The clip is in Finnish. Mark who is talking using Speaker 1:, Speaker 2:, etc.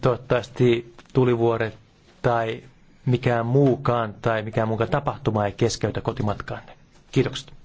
Speaker 1: toivottavasti tulivuoret tai mikään muukaan tai mikään muukaan tapahtuma ei keskeytä kotimatkaanne. Kiitokset.